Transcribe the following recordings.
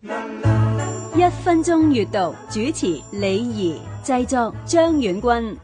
一分鐘閱讀主持李儀，製作張遠君。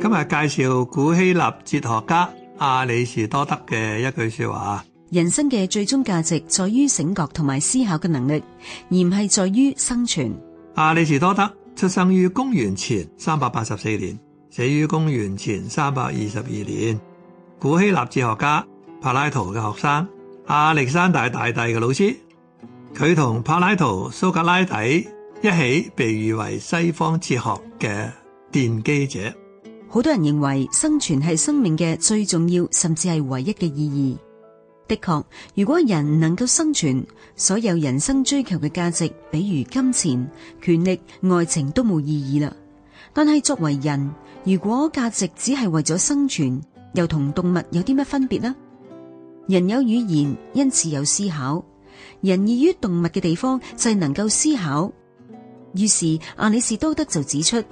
今日介紹古希臘哲學家阿里士多德嘅一句說話：人生嘅最終價值在於醒覺同埋思考嘅能力，而唔係在於生存。阿里士多德出生於公元前三百八十四年，死於公元前三百二十二年。古希臘哲學家柏拉圖嘅學生。亞歷山大大帝嘅老師，佢同柏拉圖、蘇格拉底一起被譽為西方哲學嘅奠基者。好多人認為生存係生命嘅最重要，甚至係唯一嘅意義。的確，如果人能夠生存，所有人生追求嘅價值，比如金錢、權力、愛情，都冇意義啦。但係作為人，如果價值只係為咗生存，又同動物有啲乜分別呢？人有語言，因此有思考。人異於動物嘅地方就係能夠思考。於是亞里士多德就指出，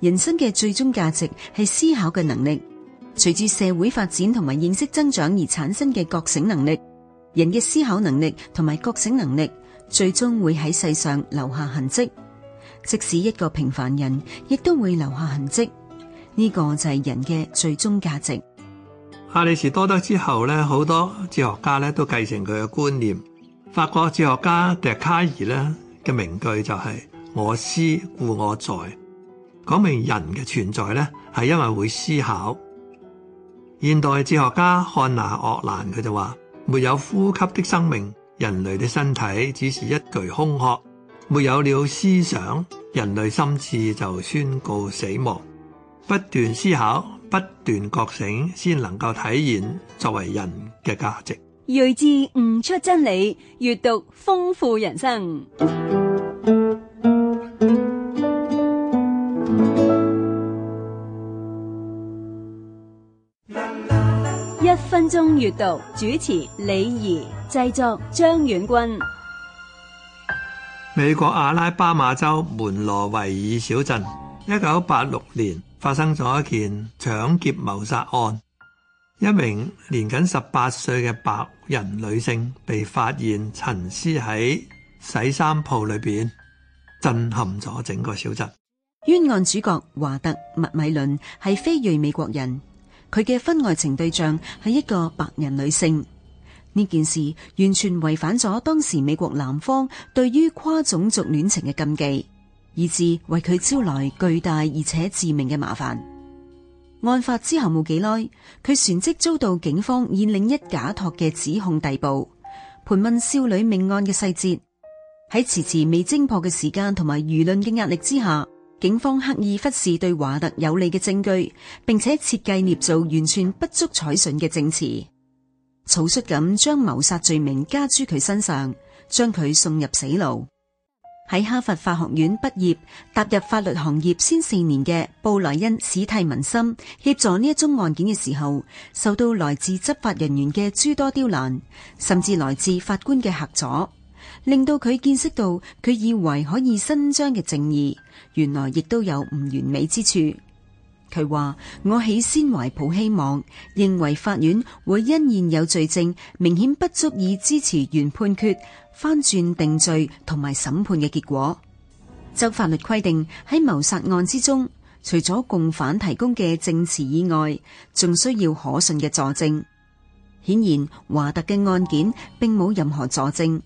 人生嘅最終價值係思考嘅能力。隨住社會發展同埋認識增長而產生嘅覺醒能力，人嘅思考能力同埋覺醒能力最終會喺世上留下痕跡。即使一個平凡人，亦都會留下痕跡。呢個就係人嘅最終價值。阿里士多德之後咧，好多哲學家咧都繼承佢嘅觀念。法國哲學家笛卡爾咧嘅名句就係：我思故我在，講明人嘅存在咧係因為會思考。現代哲學家漢娜鄂蘭佢就話：沒有呼吸的生命，人類嘅身體只是一具空殼；沒有了思想，人類心智就宣告死亡。不斷思考。不斷覺醒，先能夠體現作為人嘅價值。睿智悟出真理，閱讀豐富人生。一分鐘閱讀主持李儀，製作張遠軍。美國阿拉巴馬州門羅維爾小鎮，一九八六年。發生咗一件搶劫謀殺案，一名年僅十八歲嘅白人女性被發現陳屍喺洗衫鋪裏邊，震撼咗整個小鎮。冤案主角華特麥米倫係非裔美國人，佢嘅婚外情對象係一個白人女性。呢件事完全違反咗當時美國南方對於跨種族戀情嘅禁忌，以致為佢招來巨大而且致命嘅麻煩。案發之後冇幾耐，佢旋即遭到警方以另一假託嘅指控逮捕，盤問少女命案嘅細節。喺遲遲未偵破嘅時間同埋輿論嘅壓力之下，警方刻意忽視對華特有利嘅證據，並且設計捏造完全不足採信嘅證詞，草率咁將謀殺罪名加諸佢身上，將佢送入死牢。喺哈佛法學院畢業，踏入法律行業先四年嘅布萊恩史蒂文森協助呢一宗案件嘅時候，受到來自執法人員嘅諸多刁難，甚至來自法官嘅嚇阻，令到佢見識到佢以為可以伸張嘅正義，原來亦都有唔完美之處。佢話：我起先懷抱希望，認為法院會因現有罪證明顯不足以支持原判決，翻轉定罪同埋審判嘅結果。就法律規定，喺謀殺案之中，除咗共犯提供嘅證詞以外，仲需要可信嘅佐證。顯然，華特嘅案件並冇任何佐證。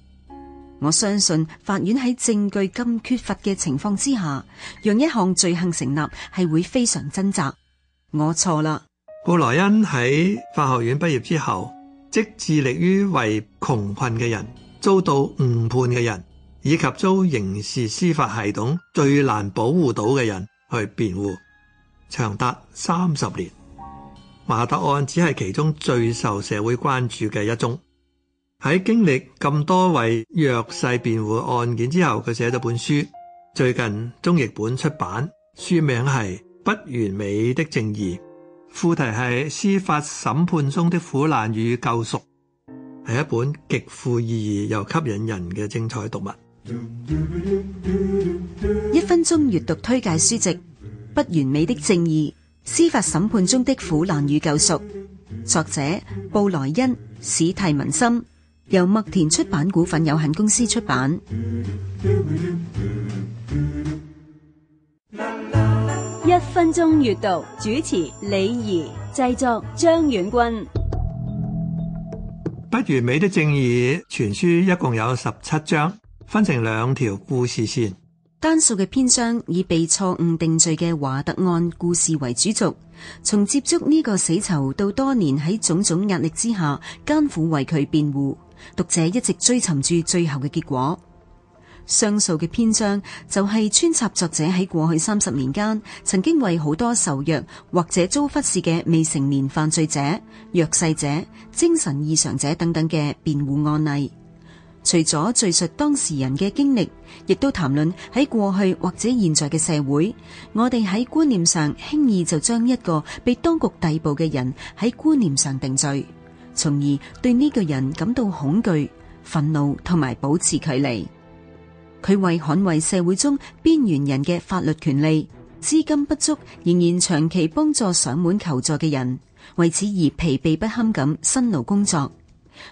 我相信法院喺證據咁缺乏嘅情況之下，讓一項罪行成立係會非常掙扎。我錯啦。布萊恩喺法學院畢業之後，即致力於為窮困嘅人、遭到誤判嘅人以及遭刑事司法系統最難保護到嘅人去辯護，長達三十年。馬特案只係其中最受社會關注嘅一宗。喺經歷咁多位弱勢辯護案件之後，佢寫咗本書，最近中譯本出版，書名係《不完美的正義》，副題係《司法審判中的苦難與救贖》，係一本極富意義又吸引人嘅精彩讀物。一分鐘閱讀推介書籍《不完美的正義》：司法審判中的苦難與救贖，作者布萊恩·史蒂文森。由麥田出版股份有限公司出版。一分鐘閱讀主持李怡，製作張遠軍。不完美的正義全書一共有十七章，分成兩條故事線。單數嘅篇章以被錯誤定罪嘅華特案故事為主軸，從接觸呢個死囚到多年喺種種壓力之下艱苦為佢辯護。讀者一直追尋住最後嘅結果。上述嘅篇章就係穿插作者喺過去三十年間，曾經為好多受虐或者遭忽視嘅未成年犯罪者、弱勢者、精神異常者等等嘅辯護案例。除咗敘述當事人嘅經歷，亦都談論喺過去或者現在嘅社會，我哋喺觀念上輕易就將一個被當局逮捕嘅人喺觀念上定罪。從而對呢個人感到恐懼、憤怒、同埋保持距離。佢為捍衛社會中邊緣人嘅法律權利，資金不足，仍然長期幫助上門求助嘅人，為此而疲憊不堪咁辛勞工作，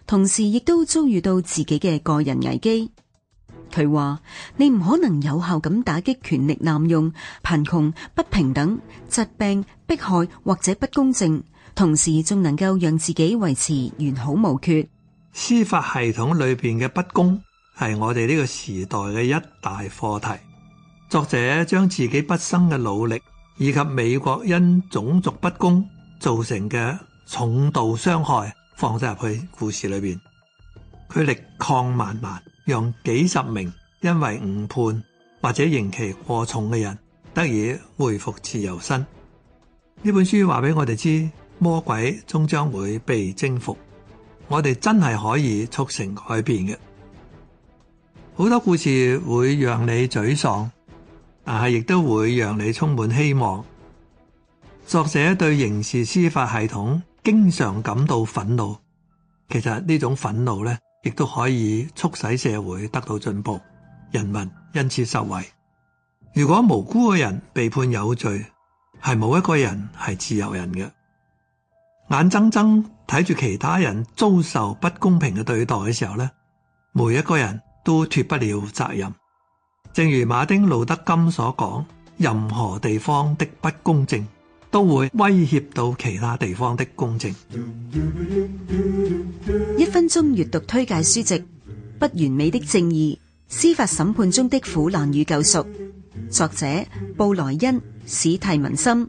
同時亦都遭遇到自己嘅個人危機。佢話：你唔可能有效咁打擊權力濫用、貧窮、不平等、疾病、迫害，或者不公正。同時仲能夠讓自己維持完好無缺。司法系統裏邊嘅不公係我哋呢個時代嘅一大課題。作者將自己畢生嘅努力以及美國因種族不公造成嘅重度傷害放咗入去故事裏邊，佢力抗萬難，讓幾十名因為誤判或者刑期過重嘅人得以恢復自由身。呢本書話俾我哋知。魔鬼終將會被征服，我哋真係可以促成改變嘅。好多故事會讓你沮喪，但係亦都會讓你充滿希望。作者對刑事司法系統經常感到憤怒，其實呢種憤怒咧，亦都可以促使社會得到進步，人民因此受惠。如果無辜嘅人被判有罪，係冇一個人係自由人嘅。眼睜睜睇住其他人遭受不公平嘅對待嘅時候呢，每一個人都脱不了責任。正如馬丁路德金所講，任何地方的不公正都會威脅到其他地方的公正。一分鐘閱讀推介書籍《不完美的正義：司法審判中的苦難與救贖》，作者布萊恩史蒂文森。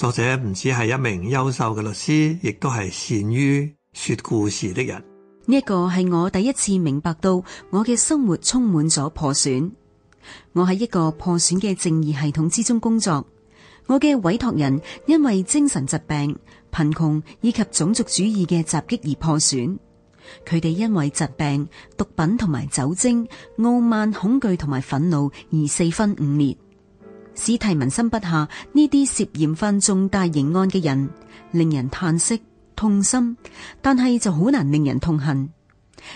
作者唔止係一名優秀嘅律師，亦都係善於說故事的人。呢一個係我第一次明白到我嘅生活充滿咗破損。我喺一個破損嘅正義系統之中工作。我嘅委託人因為精神疾病、貧窮以及種族主義嘅襲擊而破損。佢哋因為疾病、毒品同埋酒精、傲慢、恐懼同埋憤怒而四分五裂。史蒂文森筆下，呢啲涉嫌犯重大刑案嘅人，令人嘆息痛心，但係就好難令人痛恨，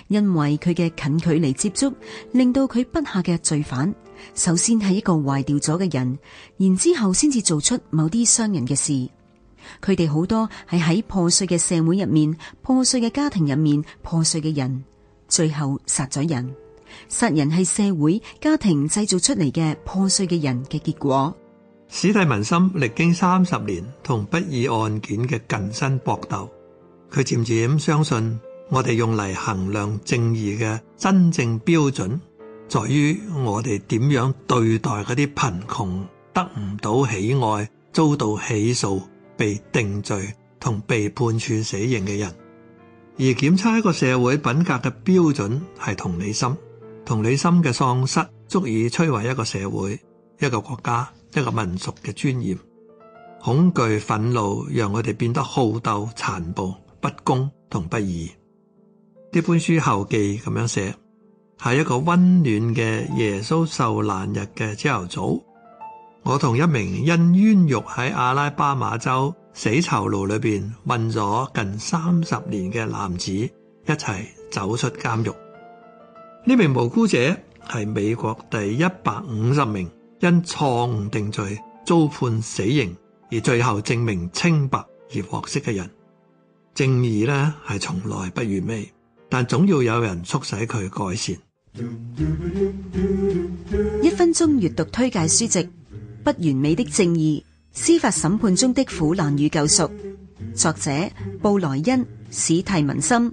因為佢嘅近距離接觸，令到佢筆下嘅罪犯，首先係一個壞掉咗嘅人，然之後先至做出某啲傷人嘅事。佢哋好多係喺破碎嘅社會入面、破碎嘅家庭入面、破碎嘅人，最後殺咗人。殺人係社會家庭製造出嚟嘅破碎嘅人嘅結果。史蒂文森歷經三十年同不義案件嘅近身搏鬥，佢漸漸相信我哋用嚟衡量正義嘅真正標準，在於我哋點樣對待嗰啲貧窮、得唔到喜愛、遭到起訴、被定罪同被判處死刑嘅人。而檢測一個社會品格嘅標準係同理心。同理心嘅喪失足以摧毀一個社會、一個國家、一個民族嘅尊嚴。恐懼、憤怒，讓我哋變得好鬥、殘暴、不公同不義。呢本書後記咁樣寫：係一個溫暖嘅耶穌受難日嘅朝頭早，我同一名因冤獄喺阿拉巴馬州死囚牢裏邊混咗近三十年嘅男子一齊走出監獄。呢名無辜者係美國第一百五十名因錯誤定罪遭判死刑而最後證明清白而獲釋嘅人。正義咧，係從來不完美，但總要有人促使佢改善。一分鐘閱讀推介書籍：《不完美的正義》——司法審判中的苦難與救贖，作者布萊恩史蒂文森。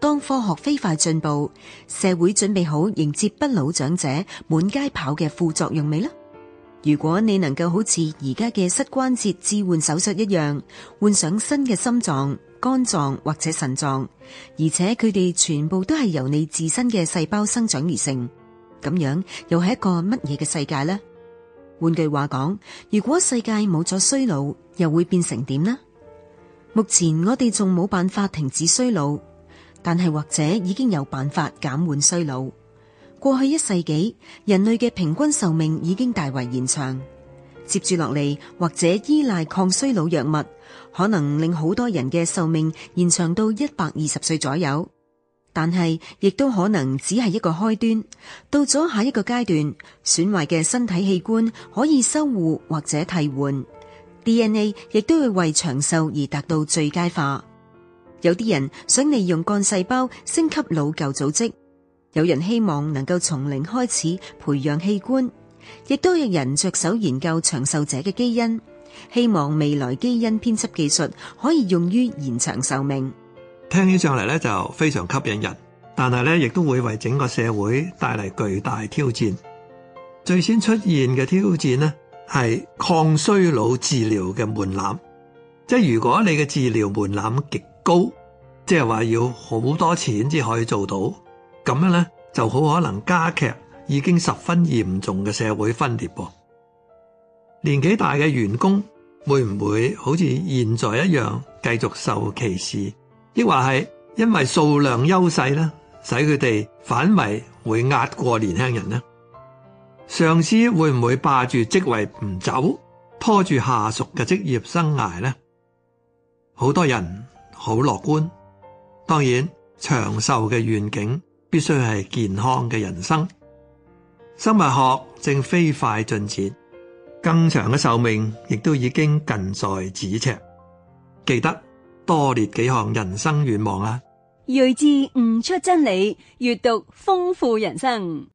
當科學飛快進步，社會準備好迎接不老長者滿街跑嘅副作用未呢？如果你能夠好似而家嘅膝關節置換手術一樣，換上新嘅心臟、肝臟或者腎臟，而且佢哋全部都係由你自身嘅細胞生長而成，咁樣又係一個乜嘢嘅世界呢？換句話講，如果世界冇咗衰老，又會變成點呢？目前我哋仲冇辦法停止衰老。但係或者已經有辦法減緩衰老。過去一世紀，人類嘅平均壽命已經大為延長。接住落嚟，或者依賴抗衰老藥物，可能令好多人嘅壽命延長到一百二十歲左右。但係亦都可能只係一個開端。到咗下一個階段，損壞嘅身體器官可以修護或者替換，DNA 亦都會為長壽而達到最佳化。有啲人想利用幹細胞升級老舊組織，有人希望能夠從零開始培養器官，亦都有人着手研究長壽者嘅基因，希望未來基因編輯技術可以用於延長壽命。聽起上嚟咧就非常吸引人，但係咧亦都會為整個社會帶嚟巨大挑戰。最先出現嘅挑戰呢係抗衰老治療嘅門檻，即係如果你嘅治療門檻極。高，即係話要好多錢先可以做到，咁樣咧就好可能加劇已經十分嚴重嘅社會分裂噃。年紀大嘅員工會唔會好似現在一樣繼續受歧視，亦或係因為數量優勢咧，使佢哋反為會壓過年輕人呢？上司會唔會霸住職位唔走，拖住下屬嘅職業生涯呢？好多人。好樂觀，當然長壽嘅願景必須係健康嘅人生。生物學正飛快進展，更長嘅壽命亦都已經近在咫尺。記得多列幾項人生願望啊！睿智悟出真理，閱讀豐富人生。